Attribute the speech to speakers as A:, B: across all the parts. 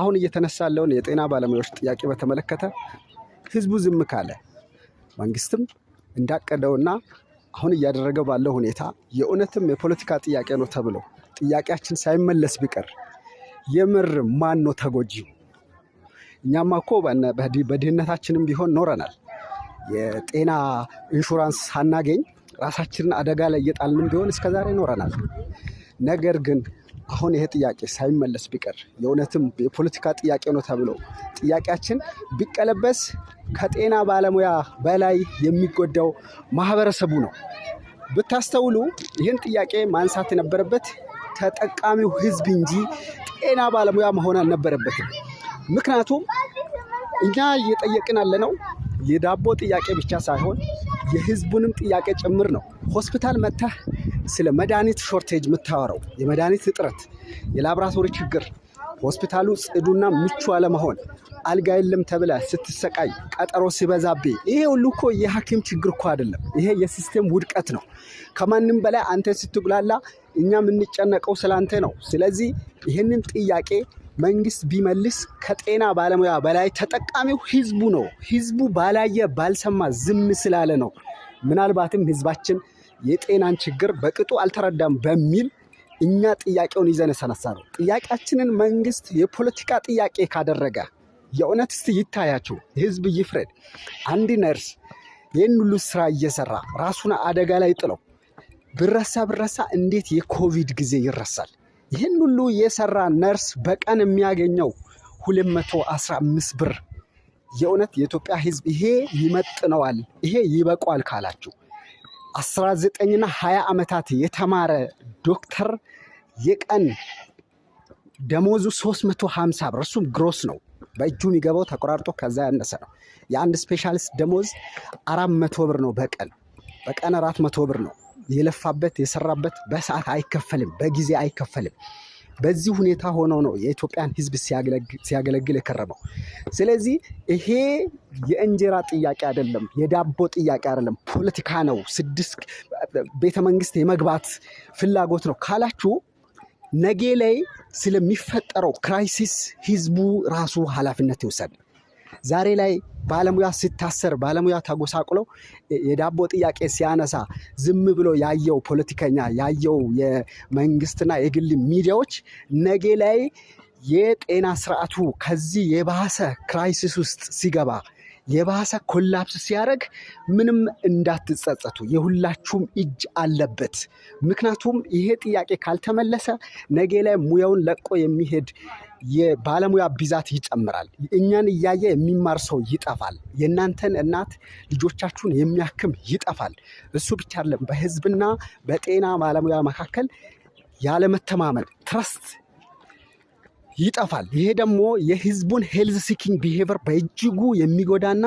A: አሁን እየተነሳ ያለውን የጤና ባለሙያዎች ጥያቄ በተመለከተ ህዝቡ ዝም ካለ መንግስትም እንዳቀደውና አሁን እያደረገ ባለው ሁኔታ የእውነትም የፖለቲካ ጥያቄ ነው ተብሎ ጥያቄያችን ሳይመለስ ቢቀር የምር ማን ነው ተጎጂ? እኛማ እኮ በድህነታችንም ቢሆን ኖረናል። የጤና ኢንሹራንስ ሳናገኝ ራሳችንን አደጋ ላይ እየጣልንም ቢሆን እስከዛሬ ኖረናል። ነገር ግን አሁን ይሄ ጥያቄ ሳይመለስ ቢቀር የእውነትም የፖለቲካ ጥያቄ ነው ተብሎ ጥያቄያችን ቢቀለበስ ከጤና ባለሙያ በላይ የሚጎዳው ማህበረሰቡ ነው። ብታስተውሉ ይህን ጥያቄ ማንሳት የነበረበት ተጠቃሚው ህዝብ እንጂ ጤና ባለሙያ መሆን አልነበረበትም። ምክንያቱም እኛ እየጠየቅን ያለነው የዳቦ ጥያቄ ብቻ ሳይሆን የህዝቡንም ጥያቄ ጭምር ነው። ሆስፒታል መጥተህ ስለ መድኃኒት ሾርቴጅ የምታወራው የመድኃኒት እጥረት፣ የላብራቶሪ ችግር፣ ሆስፒታሉ ጽዱና ምቹ አለመሆን፣ አልጋ የለም ተብለ ስትሰቃይ፣ ቀጠሮ ሲበዛቤ፣ ይሄ ሁሉ እኮ የሐኪም ችግር እኮ አይደለም። ይሄ የሲስቴም ውድቀት ነው። ከማንም በላይ አንተ ስትጉላላ፣ እኛ የምንጨነቀው ስለ አንተ ነው። ስለዚህ ይህንን ጥያቄ መንግስት ቢመልስ ከጤና ባለሙያ በላይ ተጠቃሚው ህዝቡ ነው። ህዝቡ ባላየ ባልሰማ ዝም ስላለ ነው። ምናልባትም ህዝባችን የጤናን ችግር በቅጡ አልተረዳም በሚል እኛ ጥያቄውን ይዘን የተነሳ ነው። ጥያቄያችንን መንግስት የፖለቲካ ጥያቄ ካደረገ የእውነት እስቲ ይታያቸው፣ ህዝብ ይፍረድ። አንድ ነርስ ይህን ሁሉ ስራ እየሰራ ራሱን አደጋ ላይ ጥለው ብረሳ ብረሳ እንዴት የኮቪድ ጊዜ ይረሳል? ይህን ሁሉ የሰራ ነርስ በቀን የሚያገኘው 215 ብር የእውነት የኢትዮጵያ ህዝብ ይሄ ይመጥነዋል፣ ይሄ ይበቋል ካላችሁ 19ና 20 ዓመታት የተማረ ዶክተር የቀን ደሞዙ 350 ብር፣ እሱም ግሮስ ነው። በእጁ የሚገባው ተቆራርጦ ከዛ ያነሰ ነው። የአንድ ስፔሻሊስት ደሞዝ መቶ ብር ነው። በቀን በቀን 400 ብር ነው። የለፋበት የሰራበት በሰዓት አይከፈልም፣ በጊዜ አይከፈልም። በዚህ ሁኔታ ሆኖ ነው የኢትዮጵያን ሕዝብ ሲያገለግል የከረመው። ስለዚህ ይሄ የእንጀራ ጥያቄ አይደለም፣ የዳቦ ጥያቄ አይደለም፣ ፖለቲካ ነው። ስድስት ቤተ መንግስት የመግባት ፍላጎት ነው ካላችሁ ነጌ ላይ ስለሚፈጠረው ክራይሲስ ህዝቡ ራሱ ኃላፊነት ይውሰድ። ዛሬ ላይ ባለሙያ ሲታሰር ባለሙያ ተጎሳቁለው የዳቦ ጥያቄ ሲያነሳ ዝም ብሎ ያየው ፖለቲከኛ ያየው የመንግስትና የግል ሚዲያዎች ነገ ላይ የጤና ስርዓቱ ከዚህ የባሰ ክራይሲስ ውስጥ ሲገባ የባሰ ኮላፕስ ሲያደርግ ምንም እንዳትጸጸቱ፣ የሁላችሁም እጅ አለበት። ምክንያቱም ይሄ ጥያቄ ካልተመለሰ ነገ ላይ ሙያውን ለቆ የሚሄድ የባለሙያ ብዛት ይጨምራል። እኛን እያየ የሚማር ሰው ይጠፋል። የእናንተን እናት ልጆቻችሁን የሚያክም ይጠፋል። እሱ ብቻ አይደለም፣ በህዝብና በጤና ባለሙያ መካከል ያለመተማመን ትረስት ይጠፋል። ይሄ ደግሞ የህዝቡን ሄልዝ ሲኪንግ ቢሄቨር በእጅጉ የሚጎዳና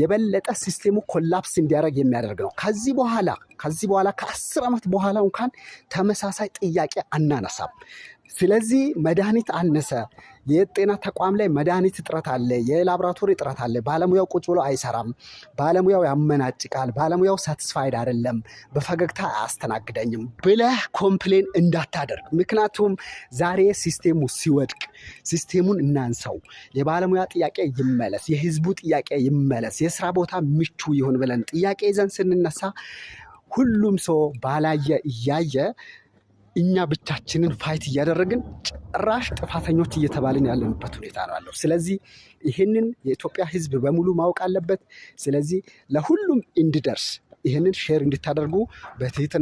A: የበለጠ ሲስቴሙ ኮላፕስ እንዲያደርግ የሚያደርግ ነው። ከዚህ በኋላ ከዚህ በኋላ ከአስር ዓመት በኋላ እንኳን ተመሳሳይ ጥያቄ አናነሳም። ስለዚህ መድኃኒት አነሰ፣ የጤና ተቋም ላይ መድኃኒት እጥረት አለ፣ የላብራቶሪ እጥረት አለ። ባለሙያው ቁጭ ብሎ አይሰራም። ባለሙያው ያመናጭቃል። ባለሙያው ሳትስፋይድ አይደለም፣ በፈገግታ አያስተናግደኝም ብለህ ኮምፕሌን እንዳታደርግ። ምክንያቱም ዛሬ ሲስቴሙ ሲወድቅ ሲስቴሙን እናንሰው። የባለሙያ ጥያቄ ይመለስ፣ የህዝቡ ጥያቄ ይመለስ፣ የስራ ቦታ ምቹ ይሁን ብለን ጥያቄ ይዘን ስንነሳ ሁሉም ሰው ባላየ እያየ እኛ ብቻችንን ፋይት እያደረግን ጭራሽ ጥፋተኞች እየተባልን ያለንበት ሁኔታ ነው ያለው። ስለዚህ ይህንን የኢትዮጵያ ሕዝብ በሙሉ ማወቅ አለበት። ስለዚህ ለሁሉም እንዲደርስ ይህንን ሼር እንድታደርጉ በትህትና